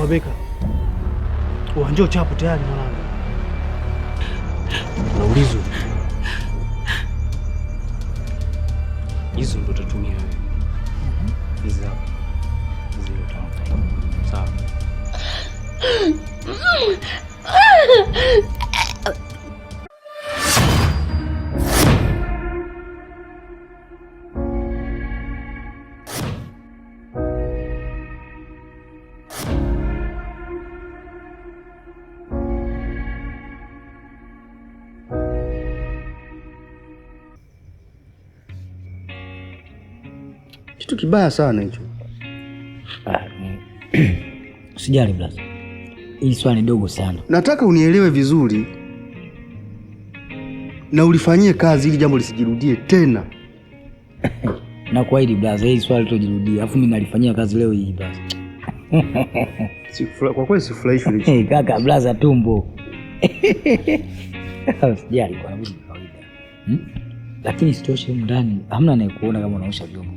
Wabeka uwanja uchapo tayari mwanangu, Naulizo hizo ndo tatumia wewe mhm. hizo hapa zile utampa sawa. Kitu kibaya sana hicho. Usijali ah, blaza, hili swali ni dogo sana. Nataka unielewe vizuri na ulifanyie kazi ili jambo lisijirudie tena. Na kwaidi blaza, hili swali litojirudia, alafu mimi nalifanyia kazi leo hii blaza. Kwa kweli sifurahishwi hicho. Hey, kaka blaza, tumbo usijali, kwa hmm? Lakini sitoshe, ndani hamna anayekuona kama unaosha vyombo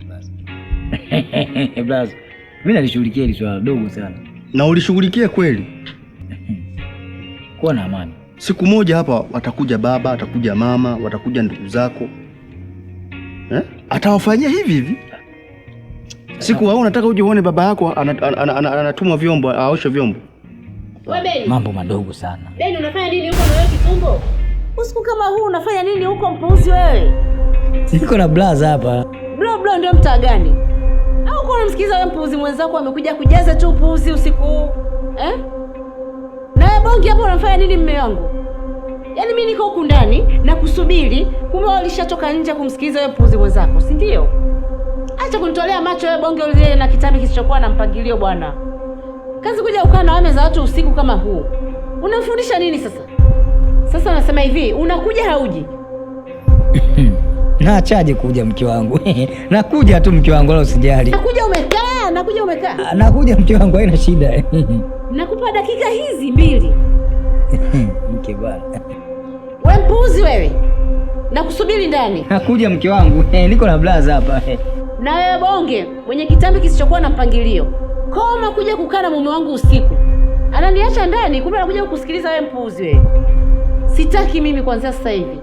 Blaza, mimi nalishughulikia hili swala dogo sana. Na ulishughulikia kweli? Kuwa na amani. Siku moja hapa watakuja baba, watakuja mama, watakuja ndugu zako eh? Atawafanyia hivi hivi. Siku wao unataka uje uone baba yako anatumwa vyombo, aoshe vyombo. Wewe mambo madogo sana. Beni unafanya nini huko na wewe kitumbo? Usiku kama huu unafanya nini huko mpuzi wewe? Niko na blaza hapa. Bro bro ndio mtaa gani? ulikuwa unamsikiliza wewe mpuzi mwenzako amekuja kujaza tu upuuzi usiku huu eh? Na wewe bongi hapo unamfanya nini mume wangu? Yaani mimi niko huku ndani na kusubiri, kumbe wao nje kumsikiliza wewe mpuzi mwenzako, si ndio? Acha kunitolea macho wewe bongi ule na kitabu kisichokuwa na mpangilio bwana. Kazi kuja ukaa na wame za watu usiku kama huu. Unafundisha nini sasa? Sasa unasema hivi, unakuja hauji? Naachaje kuja mke wangu? Nakuja tu mke wangu, wala usijali. Nakuja umekaa, nakuja umekaa. Ah, nakuja mke wangu, haina shida. Nakupa dakika hizi mbili. Mke bwana. Wewe mpuzi wewe. Nakusubiri ndani. Nakuja mke wangu, eh, niko na blaza hapa. Na wewe bonge, mwenye kitambi kisichokuwa na mpangilio. Koma kuja kukaa na mume wangu usiku. Ananiacha ndani, kumbe anakuja kukusikiliza wewe mpuzi wewe. Sitaki mimi kuanzia sasa hivi.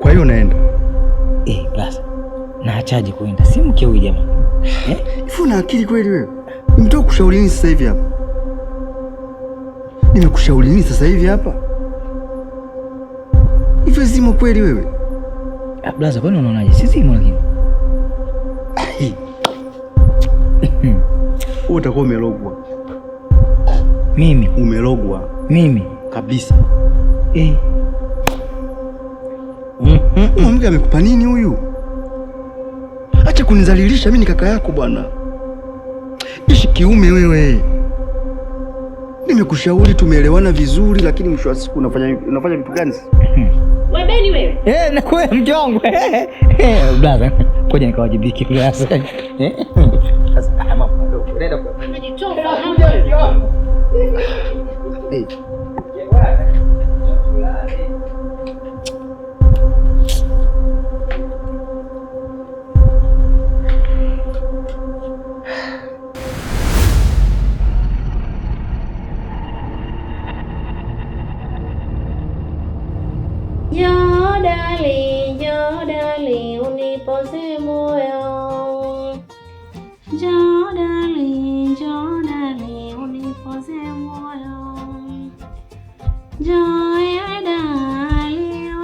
Kwa hiyo unaenda eh? Basi naachaje kuenda, si mke huyu jamani eh? Hivi una akili kweli wewe? Nimetoka kushauri nini sasa hivi hapa? Nimekushauri nini sasa hivi hapa? Hivyo zimo kweli wewe? Ah, Blaza, kwani unaonaje? Si zimo lakini wewe utakuwa umelogwa. Mimi umelogwa mimi kabisa eh. Mwanamke hmm? amekupa nini huyu? Acha kunizalilisha, mimi ni kaka yako bwana. Ishi kiume wewe. Nimekushauri, tumeelewana vizuri, lakini mwisho wa siku unafanya unafanya vitu gani? Hmm. Wabeni wewe. Eh, na kwa mjongwe. Eh, eh, brother. Koja nikawajibiki brother. Eh? Sasa mama Nenda kwa. Unajitoa. Hey. Jodali unipoze moyo, Jodali, Jodali unipoze moyo, Jodali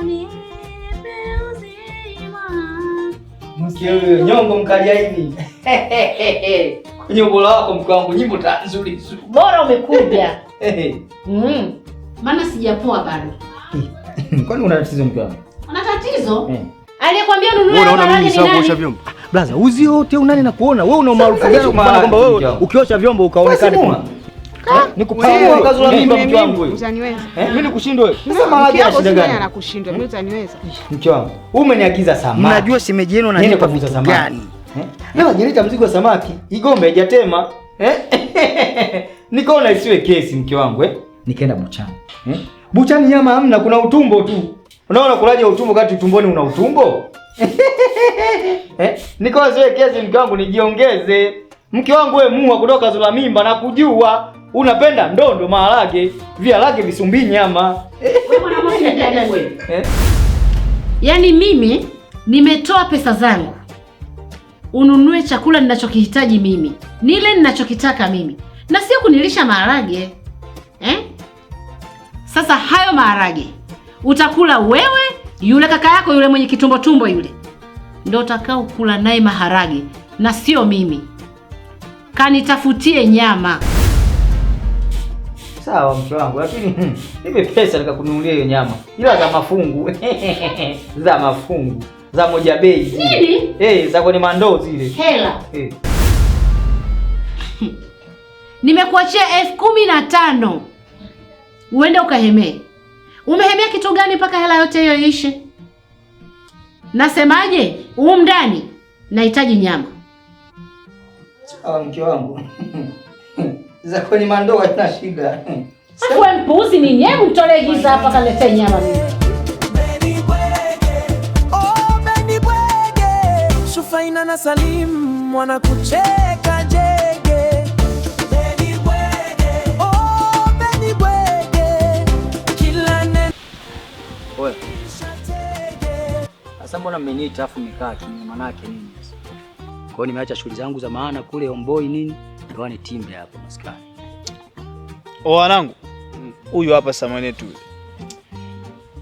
unipe uzima. Mke huyo nyongo mkalia hivi kwenye ubora wako, mke wangu, nyimbo ta nzuri bora umekuja. Mm, maana sijapoa bado. Kwani una tatizo mke wangu? Una tatizo? Eh. Aliyekwambia nunua barabara ni nani? Blaza, uzi yote unani na kuona wewe una umaarufu gani kumana kwamba wewe ukiosha vyombo ukaonekana kwa kazi la mimba mtu wangu wewe. Utaniweza. Mimi nikushindwe Sasa maana ya shida gani? Anakushindwa, mimi utaniweza. Mke wangu, umeniagiza samaki. Mnajua shemeji yenu ananipa vitu gani? Eh? Leo ajeleta mzigo wa samaki. Igombe hajatema. Eh? Nikaona isiwe kesi mke wangu eh. Nikaenda buchani. Eh? Buchani nyama hamna, kuna utumbo tu. Unaona kulaje utumbo kati tumboni una utumbo? eh? Nikawa ziwekeze mke wangu nijiongeze. Mke wangu wewe muwa kutoka zula mimba na kujua unapenda ndondo maharage, viharage visumbi nyama. eh? Yaani mimi nimetoa pesa zangu ununue chakula ninachokihitaji mimi, nile ninachokitaka mimi, na sio kunilisha maharage eh? Sasa hayo maharage utakula wewe, yule kaka yako yule mwenye kitumbo tumbo yule ndio utakao kula naye maharage na sio mimi. Kanitafutie nyama. Sawa mtu wangu, lakini hmm, nipe pesa nikakununulia hiyo nyama, ila za mafungu za mafungu za moja bei zile, eh, za kwenye mandoo zile hela hey. Eh. Hmm. Nimekuachia elfu kumi na tano uende ukahemee Umehemia kitu gani mpaka hela yote hiyo iishe? Nasemaje? Huu ndani nahitaji nyama. Sawa mke wangu. Za kwenye mandoo haina shida. Wewe mpuuzi ni nyewe mtolee giza hapa kalete nyama mimi. Sufaina na Salim wanakucheza sasa mbona mmeniita afu nikaa kimya, maana yake nini sasa? Kwa hiyo nimeacha shughuli zangu za maana kule omboi nini, ndio ni timbe hapo maskani. Oh, wanangu huyu hapa samani yetu.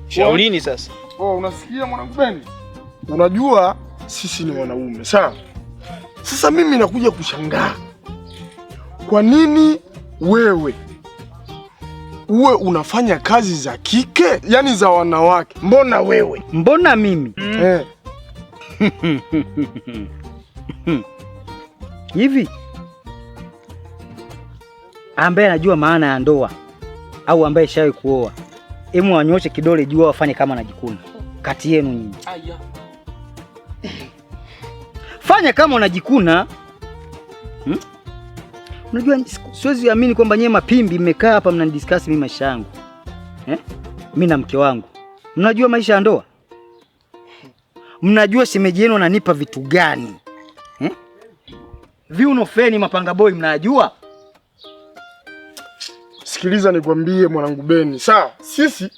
Shaulini sasa. Oh, unasikia mwanangu Beni? Unajua sisi ni wanaume sawa. Sasa mimi nakuja kushangaa kwa nini wewe uwe unafanya kazi za kike, yaani za wanawake? Mbona wewe? Mbona mimi? Eh. Hivi ambaye anajua maana ya ndoa au ambaye shawahi kuoa, emu wanyoshe kidole juu, wafanye kama najikuna kati yenu nyinyi. Fanya kama unajikuna hmm? Unajua, siwezi amini kwamba nyewe mapimbi mmekaa hapa mnanidiskasi mimi maisha yangu eh? Mimi na mke wangu, mnajua maisha ya ndoa mnajua shemeji yenu ananipa vitu gani hmm? Viuno feni mapanga boi mnajua. Sikiliza nikwambie mwanangu Beni, sawa? Sisi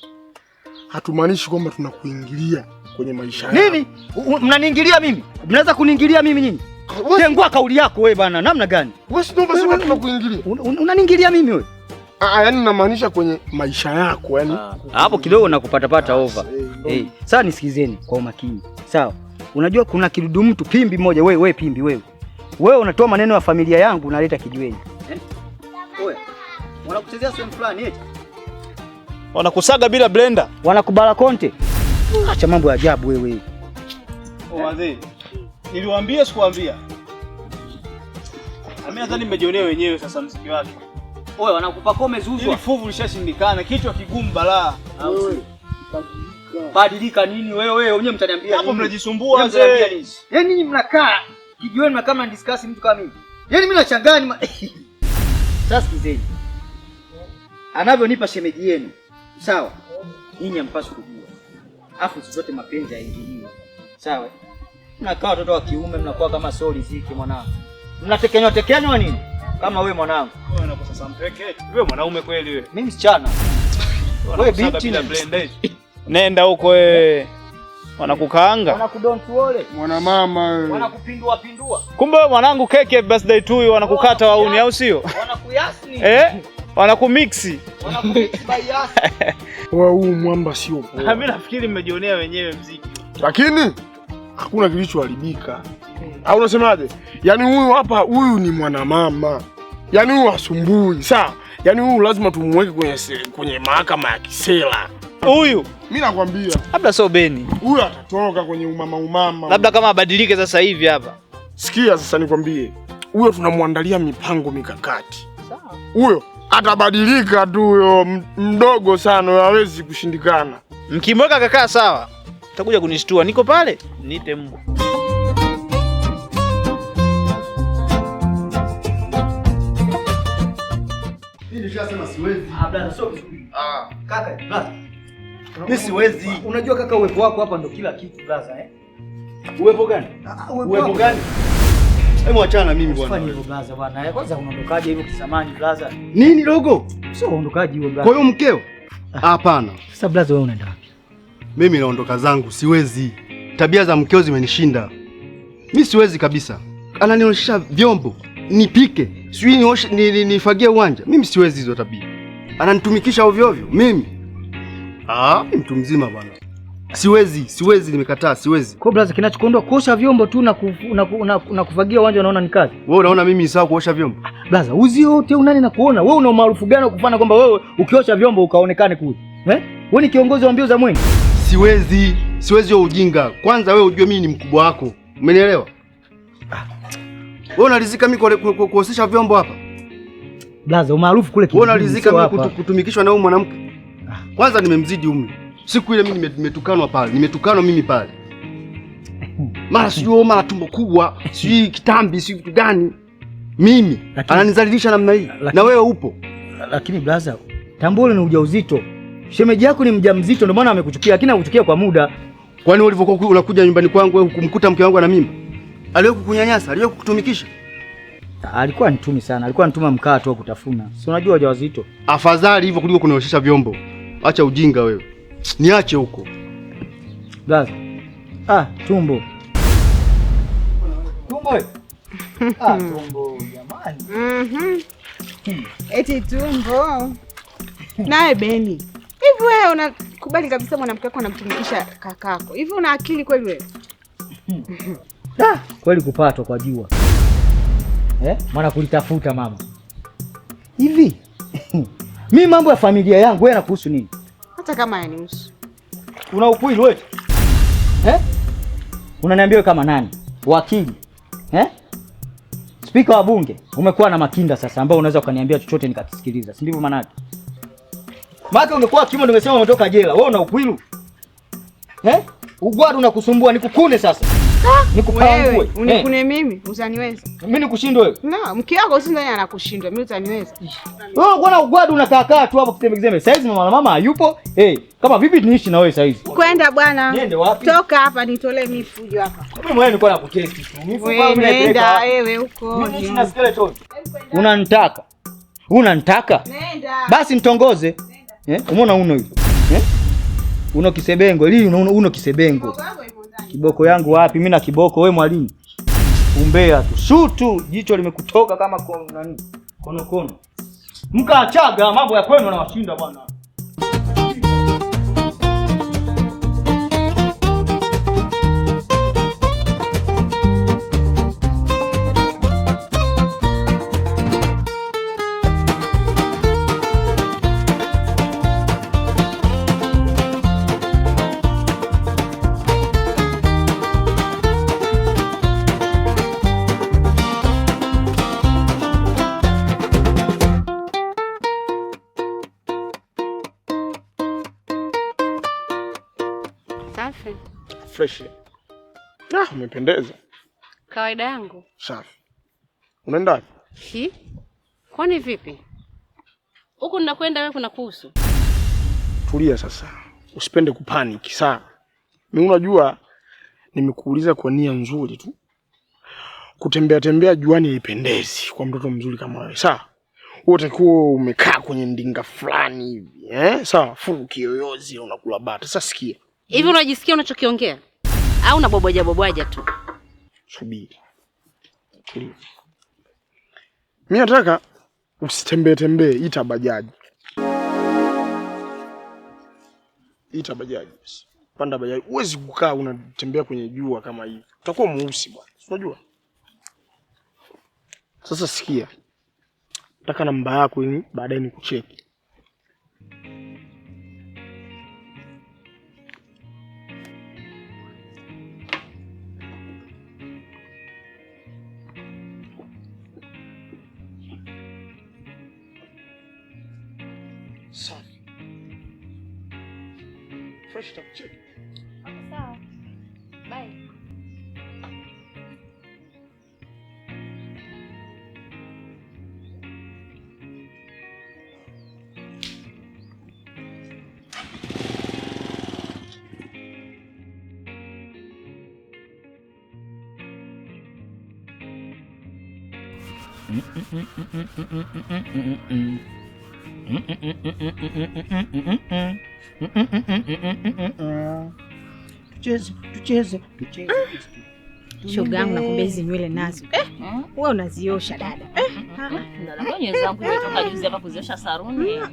hatumaanishi kwamba tunakuingilia kwenye maisha yako. Nini? Mnaniingilia mimi? Mnaweza kuniingilia mimi nyinyi? Tengua kauli yako wewe bana, namna gani? tunakuingilia? Unaniingilia mimi wewe? yani namaanisha kwenye maisha yako yani. Ah, hapo kidogo nakupatapata ah, over hey. Sawa, nisikizeni kwa umakini sawa. Unajua kuna kidudu mtu pimbi moja, wewe wewe pimbi wewe wewe, unatoa maneno ya familia yangu unaleta kijiweni eh, Wanakuchezea sehemu fulani eti eh? wanakusaga bila blender, wanakubala konte. Acha mambo ya ajabu wewe. Oh, Wazee, niliwaambia sikuambia. Mimi nadhani mmejionea wenyewe sasa mziki wake. Oye, wanakupa kome zuzwa. Ili fuvu lishashindikana, kichwa kigumu balaa badilika nini wewe wewe wenyewe, mtaniambia hapo, mnajisumbua mzee. Yaani ninyi mnakaa kijiweni kama discuss mtu kama mimi, yaani mimi nachanganya sasa. Kizeni anavyonipa shemeji yenu, sawa, ninyi hampaswi kujua, afu zote mapenzi yaingilie, sawa. Mnakaa watoto wa kiume, mnakuwa kama soli ziki, mwanangu, mnatekenywa tekenywa nini kama wewe mwanangu. Wewe mwanaume kweli wewe? Mimi msichana, wewe binti. Nenda huko wewe. Wanakukaanga. wanakudontuole Mwana mama. Wanakupindua pindua. Kumbe wewe mwanangu keke birthday tu hiyo wanakukata wauni au sio? Wanakuyasni. Eh? Wanakumixi. Wanakumixi bayasi. Wewe huu mwamba sio poa. Ah, mimi nafikiri mmejionea wenyewe mziki. Lakini hakuna kilichoharibika. Au unasemaje? Yaani huyu hapa huyu ni mwanamama. Yaani huyu asumbui, Sawa? Yaani huyu lazima tumweke kwenye kwenye mahakama ya kisela. Huyu mimi nakwambia, labda sio Beni huyu, atatoka kwenye umama umama, labda kama abadilike sasa hivi hapa. Sikia sasa, nikwambie, huyo tunamwandalia mipango mikakati. Sawa, huyo atabadilika tu, huyo mdogo sana, hawezi kushindikana. Mkimweka kakaa sawa, takuja kunishtua, niko pale, niite mbwa. Siwezi. Ah, ah. kaka, mimi siwezi. Unajua kaka, uwepo wako hapa ndo kila kitu brother, eh? Uwepo gani? Ah, ah, uwepo gani? Hebu achana na mimi bwana. Fanya Usifanye brother bwana. Eh, kwanza unaondokaje hivyo kisamani brother? Nini logo? Sio uondokaji huo brother. Kwa hiyo mkeo? Hapana. Sasa brother wewe unaenda wapi? Mimi naondoka zangu, siwezi. Tabia za mkeo zimenishinda. Mimi siwezi kabisa. Ananionyesha vyombo nipike, sijui nioshe, nifagie uwanja. Mimi siwezi hizo tabia. Ananitumikisha ovyo ovyo mimi. Ah, mtu mzima bwana. Siwezi, siwezi, nimekataa, siwezi. Kwa brother, kinachokuondoa kuosha vyombo tu na, na, kufagia uwanja unaona ni kazi. Wewe unaona mimi sawa kuosha vyombo? Brother, ah, blaza, uzi yote unani na kuona. Wewe una umaarufu gani kufana kwamba wewe ukiosha vyombo ukaonekane kule? Eh? Wewe ni kiongozi wa mbio za mwenge? Siwezi, siwezi wewe ujinga. Kwanza wewe ujue mimi ni mkubwa wako. Umenielewa? Ah. Wewe unaridhika mimi kwa kuosesha vyombo hapa? Blaza, umaarufu kule. Wewe unaridhika mimi kutumikishwa na huyu mwanamke? Kwanza nimemzidi umri. Siku ile mimi nimetukanwa pale, nimetukanwa mimi pale, mara sijui mara tumbo kubwa, sijui kitambi, sijui kitu gani, mimi ananizalilisha namna hii, na wewe upo. Lakini blaza, tambua ni ujauzito. Shemeji yako ni mjamzito, ndio maana amekuchukia, lakini akuchukia kwa muda. Kwani ulivyokuwa unakuja nyumbani kwangu wewe kumkuta mke wangu na mimba? Aliwahi kunyanyasa, Aliwahi kutumikisha? Alikuwa nitumi sana, alikuwa nituma mkaa tu kutafuna. Si unajua wajawazito, afadhali hivyo kuliko kunaoshesha vyombo. Acha ujinga wewe, niache huko brother. Ah, tumbo tumbo, ah, tumbo jamani. Mhm, hmm. eti tumbo. Nawe Beni, hivi wewe unakubali kabisa mwanamke wako anamtumikisha kakako? Hivi una akili kweli wewe? Hmm. Ah, kweli kupatwa kwa jua eh, mwana kulitafuta mama hivi hmm mi mambo ya familia yangu wena kuhusu nini? Hata kama yanihusu. Una ukweli wewe? Eh? Unaniambia kama nani? Wakili. Eh? Spika wa bunge, umekuwa na makinda sasa ambao unaweza ukaniambia chochote nikakisikiliza. Si ndivyo maana yake? Maana kimo nimesema umetoka jela. Wewe una ukwilu? Eh? Ugwadu unakusumbua nikukune sasa. Nikupangue. Unikune eh. mimi, usaniweza. Mimi nikushinde wewe? Na, mke wako usi ndani anakushindwa, mimi utaniweza. Wewe unaona ugwadu unakaa kaa tu hapo kiteme Saizi mama mama hayupo. Eh, kama vipi niishi na wewe saizi? Kwenda bwana. Niende wapi? Toka hapa nitolee mimi hapa. Mimi mwenyewe niko nakuketi tu. Mifuko mimi naipeleka. wewe huko. Mimi niishi na skeleton. Unanitaka. Unanitaka? Nenda. Basi nitongoze. Eh, umeona uno hivi. Eh? Uno kisebengo, lii uno uno kisebengo. Kiboko yangu wapi? Mimi na kiboko we mwalimu. Umbea tu. Shutu jicho limekutoka kama kono nani? konokono. Mkaachaga mambo ya kwenu na washinda bwana. Safi. Freshi. Ah, umependeza. Kawaida yangu. Safi. Unaenda wapi? Hi? Kwani vipi? Huko ninakwenda wewe kuna kuhusu. Tulia sasa. Usipende kupanic saa. Mimi unajua nimekuuliza kwa nia nzuri tu. Kutembea tembea juani ipendezi kwa mtoto mzuri kama wewe. Sawa? Wote kuwa umekaa kwenye ndinga fulani hivi, eh? Sawa, fuku kiyoyozi unakula bata. Sasa sikia. Hivi unajisikia unachokiongea au unabwabwaja bwabwaja tu? Subiri, mi nataka usitembee tembee, ita bajaji, ita bajaji, panda bajaji. uwezi kukaa unatembea kwenye jua kama hii, utakuwa mweusi bwana, unajua. Sasa sikia, nataka namba yako baadaye nikucheki Tucheze, tucheze, tucheze. Shoga yangu nakuambia hizi eh. nywele nazo. Eh. eh, wewe unaziosha dada. Eh. Ah, ah. Ah,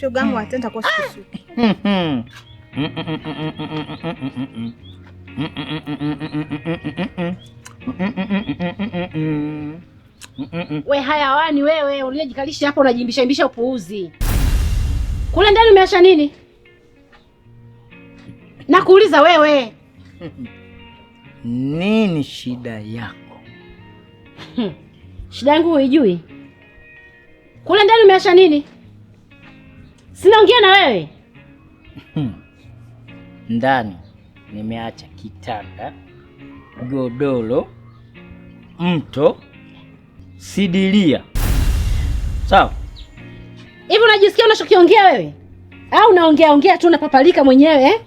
Shoga yangu atenda kwa sikusuki. Mm -mm. We hayawani wewe uliyejikalisha hapo unajimbisha imbisha upuuzi. Kule ndani umeacha nini? Nakuuliza wewe. Nini shida yako? Shida yangu huijui? Kule ndani umeacha nini? Sinaongea na wewe. Ndani nimeacha kitanda, godoro, mto sidilia. Sawa? Hivi unajisikia unachokiongea wewe au unaongea ongea tu unapapalika mwenyewe eh?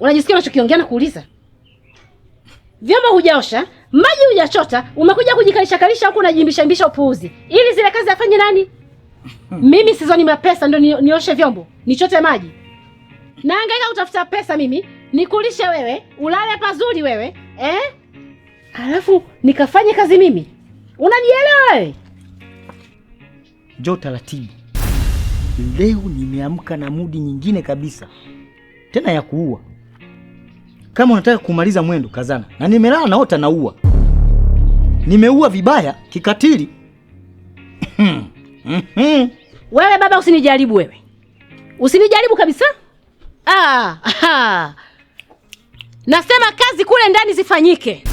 Unajisikia unachokiongea na kuuliza? Vyombo hujaosha, maji hujachota, umekuja kujikalisha kalisha huku unajimbisha mbisha upuuzi. Ili zile kazi afanye nani? Mimi sizoni mapesa ndio nioshe vyombo, nichote maji. Naangaika kutafuta pesa mimi, nikulishe wewe, ulale pazuri wewe, eh? Alafu nikafanye kazi mimi unanielewa wewe? Njoo taratibu. Leo nimeamka na mudi nyingine kabisa, tena ya kuua. Kama unataka kumaliza mwendo, kazana. Na nimelala naota naua, nimeua vibaya, kikatili. Wewe baba, usinijaribu wewe, usinijaribu kabisa. Ah, ah. Nasema kazi kule ndani zifanyike.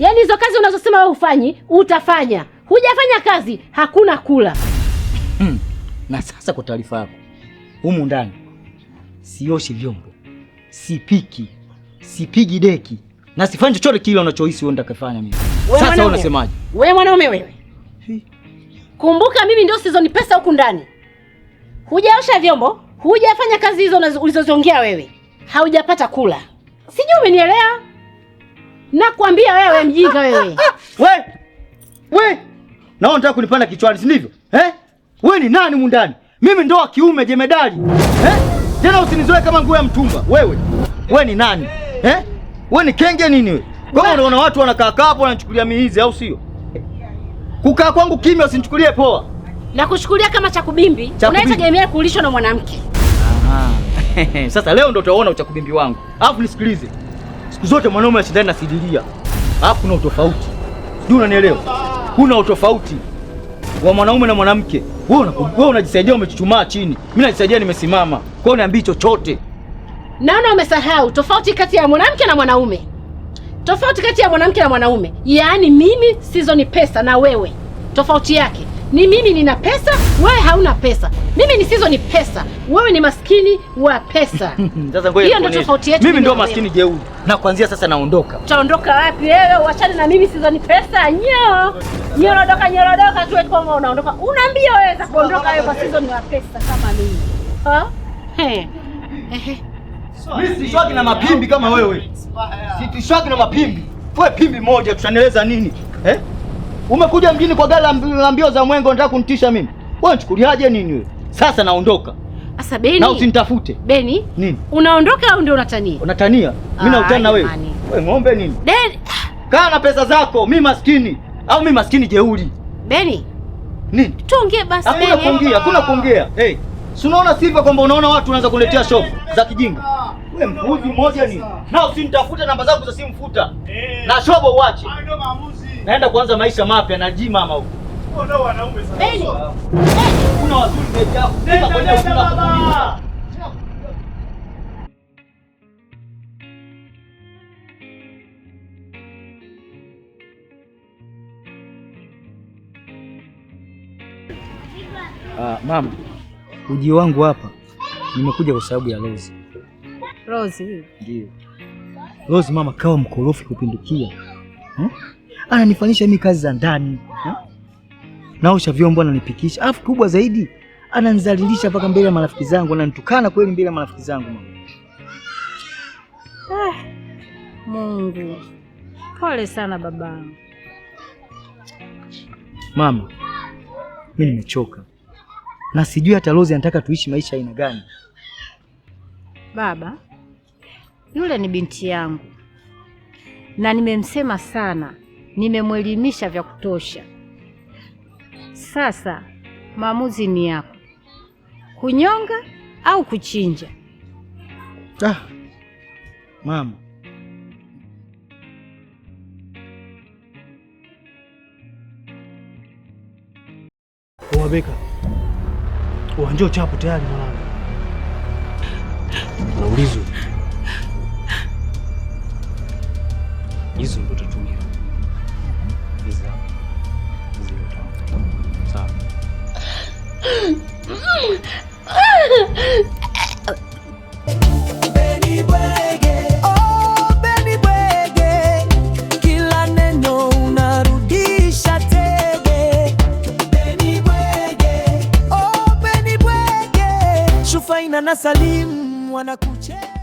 Yaani hizo kazi unazosema wewe hufanyi, utafanya. Hujafanya kazi, hakuna kula. Hmm. Na sasa kwa taarifa yako, humu ndani sioshi vyombo, sipiki, sipigi deki na sifanyi chochote kile unachohisi wewe ndakafanya mimi. Sasa wewe unasemaje? Wewe mwanaume wewe. Kumbuka mimi ndio sizoni pesa huku ndani. Hujaosha vyombo, hujafanya kazi hizo ulizoziongea wewe. Haujapata kula. Sijui umenielewa? Nakwambia wewe ah, mjinga ah, wewe. Ah, we. We. Naona unataka kunipanda kichwani, si ndivyo? Eh? Wewe ni nani mundani? Mimi ndo wa kiume jemedali. Eh? Tena usinizoe kama nguo ya mtumba. Wewe. Wewe ni nani? Eh? Wewe ni kenge nini wewe? Kama unaona watu wanakaa kaa hapo wananichukulia hizi au sio? Kukaa kwangu kimya usinichukulie poa. Na kushukulia kama chakubimbi, unaitegemea kulishwa na mwanamke. Aha. Sasa leo ndo utaona uchakubimbi wangu. Alafu nisikilize siku zote mwanaume asindani na sidiria. Hapo kuna utofauti, sijui unanielewa? Kuna utofauti wa mwanaume na mwanamke. Wewe unajisaidia umechuchumaa chini, mimi najisaidia nimesimama. Kwa hiyo niambii chochote. Naona umesahau tofauti kati ya mwanamke na mwanaume, tofauti kati ya mwanamke na mwanaume, yaani mimi sizo ni pesa na wewe, tofauti yake ni mimi nina pesa, wewe hauna pesa. Mimi nisizo ni pesa, wewe ni maskini wa pesa. Sasa Hiyo ndio tofauti yetu. Mimi ndio maskini jeuri, na kuanzia sasa naondoka. Utaondoka wapi wewe? Uachane na mimi, sizo ni pesa nyo. Nyorodoka, nyorodoka tu eti kwamba unaondoka. Unaambia wewe za kuondoka wewe kwa sizo ni wa pesa kama mimi. Ha? He. Mimi sitishwaki na mapimbi kama wewe. Sitishwagi na mapimbi. Wewe pimbi moja tutaneleza nini? Eh? Umekuja mjini kwa gari la mbio za mwengo, unataka kunitisha mimi? Wewe nichukuliaje nini wewe? Sasa naondoka. Sasa Beni. Na usinitafute. Beni? Nini? Unaondoka au ndio unatania? Unatania? Mimi nautana na ah, wewe. Wewe ng'ombe nini? Beni. Kaa na pesa zako, mimi maskini au mimi maskini jeuri. Beni. Nini? Tuongee basi. Hakuna kuongea, hakuna kuongea. Hey. Si unaona sifa kwamba unaona watu wanaanza kuletea show za kijinga. Wewe mpuzi mmoja nini? Na usinitafute, namba zangu za simu futa. Eh. Na shobo uache naenda kuanza maisha mapya na ji mama huko. Kuna oh, oh. Ah, mama, uji wangu hapa nimekuja kwa sababu ya Rose. Rose? Ndio. Rose mama kawa mkorofi kupindukia. Hmm? ananifanyisha mimi kazi za ndani, eh? naosha vyombo, ananipikisha, afu kubwa zaidi ananizalilisha mpaka mbele ya marafiki zangu, ananitukana kweli mbele ya marafiki zangu mama. eh, Mungu pole sana babangu. Mama, mimi nimechoka na sijui hata Rose anataka tuishi maisha aina gani. Baba, yule ni binti yangu na nimemsema sana nimemwelimisha vya kutosha. Sasa maamuzi ni yako, kunyonga au kuchinja. Ah, mama Wabeka uwanja tayari mwanangu, Naulizo hizo ndo wanasalimu wanakucheka.